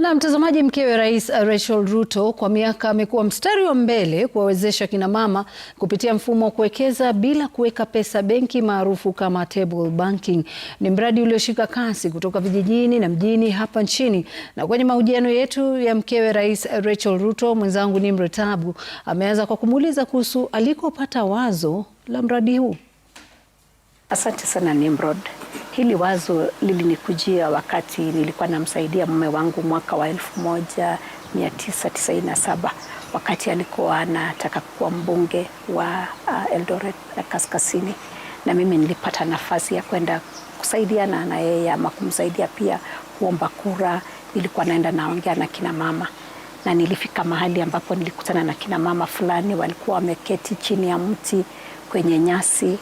Na mtazamaji, mkewe Rais Rachel Ruto kwa miaka amekuwa mstari wa mbele kuwawezesha kina mama kupitia mfumo wa kuwekeza bila kuweka pesa benki maarufu kama table banking. Ni mradi ulioshika kasi kutoka vijijini na mjini hapa nchini. Na kwenye mahojiano yetu ya mkewe Rais Rachel Ruto, mwenzangu ni Tabu ameanza kwa kumuuliza kuhusu alikopata wazo la mradi huu. Asante sana Nimrod. Hili wazo lilinikujia wakati nilikuwa namsaidia mume wangu mwaka wa elfu moja mia tisa tisaini na saba wakati alikuwa anataka kuwa mbunge wa uh, Eldoret uh, Kaskazini, na mimi nilipata nafasi ya kwenda kusaidiana na yeye ama kumsaidia pia kuomba kura. Nilikuwa naenda naongea na kina mama na nilifika mahali ambapo nilikutana na kina mama fulani walikuwa wameketi chini ya mti kwenye nyasi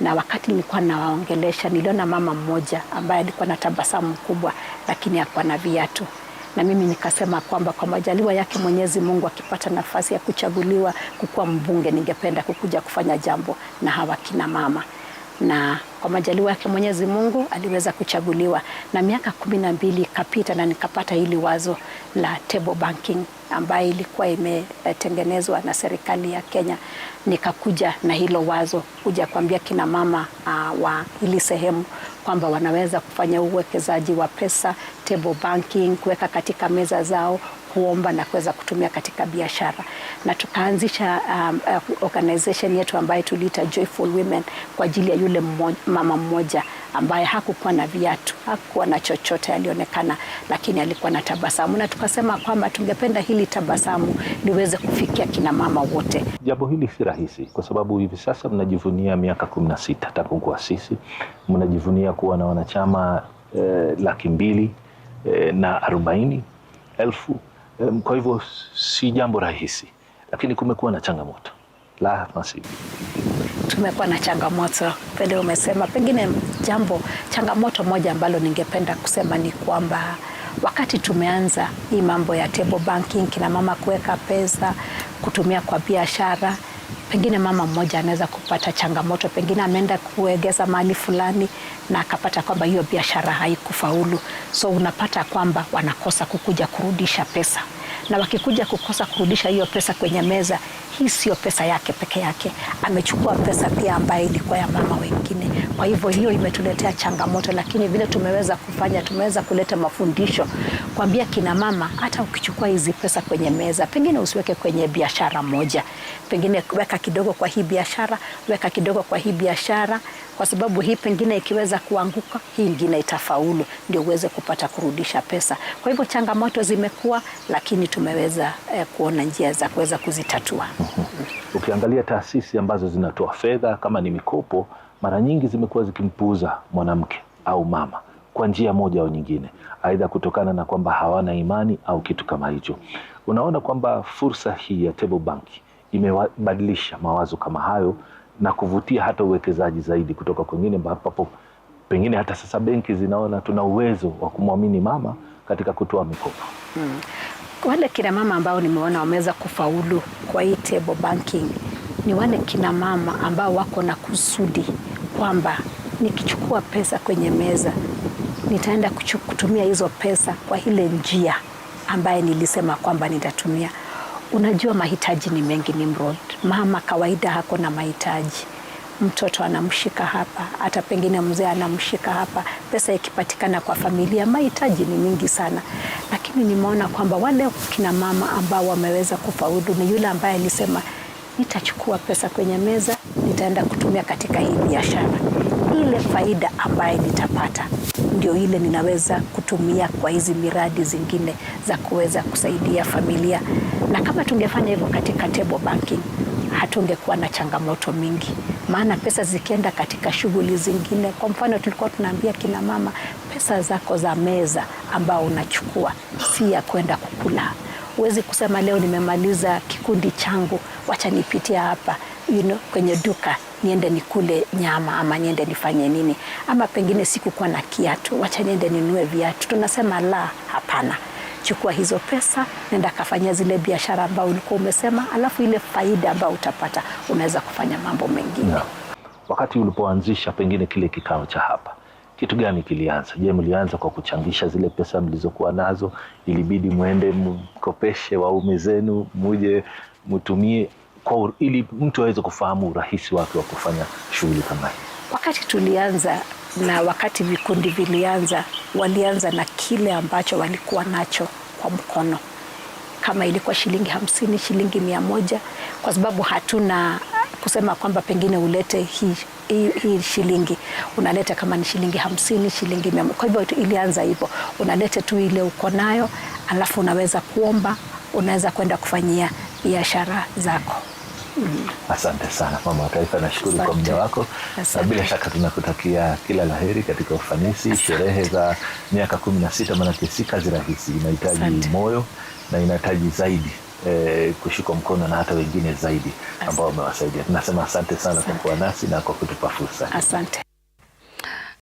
na wakati nilikuwa nawaongelesha niliona mama mmoja ambaye alikuwa na tabasamu kubwa, lakini hakuwa na viatu na mimi nikasema kwamba kwa majaliwa yake Mwenyezi Mungu akipata nafasi ya kuchaguliwa kukuwa mbunge, ningependa kukuja kufanya jambo na hawa kina mama na kwa majaliwa yake Mwenyezi Mungu aliweza kuchaguliwa, na miaka kumi na mbili ikapita na nikapata hili wazo la table banking ambayo ilikuwa imetengenezwa na serikali ya Kenya. Nikakuja na hilo wazo kuja kuambia kina mama uh, wa hili sehemu kwamba wanaweza kufanya uwekezaji wa pesa, table banking, kuweka katika meza zao, kuomba na kuweza kutumia katika biashara, na tukaanzisha um, uh, organization yetu ambayo tuliita Joyful Women kwa ajili ya yule mmoja, mama mmoja ambaye hakukuwa na viatu, hakukuwa na chochote alionekana, lakini alikuwa na tabasamu, na tukasema kwamba tungependa hili tabasamu liweze kufikia kina mama wote. Jambo hili si rahisi, kwa sababu hivi sasa mnajivunia miaka kumi na sita tangu kuasisi, mnajivunia kuwa na wanachama eh, laki mbili eh, na arobaini elfu eh, kwa hivyo si jambo rahisi, lakini kumekuwa na changamoto la masivi tumekuwa na changamoto pele, umesema pengine jambo changamoto moja ambalo ningependa kusema ni kwamba wakati tumeanza hii mambo ya table banking, kina mama kuweka pesa kutumia kwa biashara, pengine mama mmoja anaweza kupata changamoto, pengine ameenda kuegeza mali fulani na akapata kwamba hiyo biashara haikufaulu, so unapata kwamba wanakosa kukuja kurudisha pesa, na wakikuja kukosa kurudisha hiyo pesa kwenye meza hii sio pesa yake peke yake, amechukua pesa pia ambayo ilikuwa ya mama wengine. Kwa hivyo hiyo imetuletea changamoto, lakini vile tumeweza kufanya, tumeweza kuleta mafundisho kuambia kina mama, hata ukichukua hizi pesa kwenye meza, pengine usiweke kwenye biashara moja, pengine weka kidogo kwa hii biashara, weka kidogo kwa hii biashara, kwa sababu hii pengine ikiweza kuanguka, hii ingine itafaulu, ndio uweze kupata kurudisha pesa. Kwa hivyo changamoto zimekuwa, lakini tumeweza eh, kuona njia za kuweza kuzitatua. Mhm. Ukiangalia taasisi ambazo zinatoa fedha kama ni mikopo, mara nyingi zimekuwa zikimpuuza mwanamke au mama kwa njia moja au nyingine, aidha kutokana na kwamba hawana imani au kitu kama hicho. Unaona kwamba fursa hii ya table bank imebadilisha mawazo kama hayo na kuvutia hata uwekezaji zaidi kutoka kwengine, ambapo pengine hata sasa benki zinaona tuna uwezo wa kumwamini mama katika kutoa mikopo. Hmm wale kina mama ambao nimeona wameweza kufaulu kwa hii table banking ni wale kina mama ambao wako na kusudi kwamba nikichukua pesa kwenye meza nitaenda kutumia hizo pesa kwa ile njia ambaye nilisema kwamba nitatumia. Unajua, mahitaji ni mengi, ni mrod. Mama kawaida hako na mahitaji, mtoto anamshika hapa, hata pengine mzee anamshika hapa. Pesa ikipatikana kwa familia, mahitaji ni mingi sana, lakini nimeona kwamba wale kina mama ambao wameweza kufaulu ni yule ambaye alisema nitachukua pesa kwenye meza, nitaenda kutumia katika hii biashara. Ile faida ambaye nitapata ndio ile ninaweza kutumia kwa hizi miradi zingine za kuweza kusaidia familia, na kama tungefanya hivyo katika table banking hatungekuwa na changamoto mingi, maana pesa zikienda katika shughuli zingine, kwa mfano tulikuwa tunaambia kina mama pesa zako za meza ambao unachukua si ya kwenda kukula. Huwezi kusema leo nimemaliza kikundi changu, wacha nipitia hapa you know, kwenye duka niende nikule nyama ama niende nifanye nini, ama pengine sikukuwa na kiatu, wacha niende ninue viatu. Tunasema la, hapana. Chukua hizo pesa, nenda kafanya zile biashara ambao ulikuwa umesema, alafu ile faida ambayo utapata unaweza kufanya mambo mengine. Yeah. Wakati ulipoanzisha pengine kile kikao cha hapa kitu gani kilianza? Je, mlianza kwa kuchangisha zile pesa mlizokuwa nazo, ilibidi mwende mkopeshe waume zenu, muje mtumie kwa ili mtu aweze kufahamu urahisi wake wa kufanya shughuli kama hii? Wakati tulianza na wakati vikundi vilianza, walianza na kile ambacho walikuwa nacho kwa mkono, kama ilikuwa shilingi hamsini, shilingi mia moja, kwa sababu hatuna kusema kwamba pengine ulete hii hi, hi shilingi unaleta kama ni shilingi hamsini, shilingi mia. Kwa hivyo ilianza hivyo, unaleta tu ile uko nayo, alafu unaweza kuomba, unaweza kwenda kufanyia biashara zako. Mm. Asante sana Mama wa Taifa, nashukuru kwa muda wako na bila shaka tunakutakia kila laheri katika ufanisi. Sherehe za miaka kumi na sita maanake si kazi rahisi, inahitaji moyo na inahitaji zaidi eh, kushikwa mkono na hata wengine zaidi ambao wamewasaidia. Tunasema asante sana kwa kuwa nasi na kwa kutupa fursa. Asante.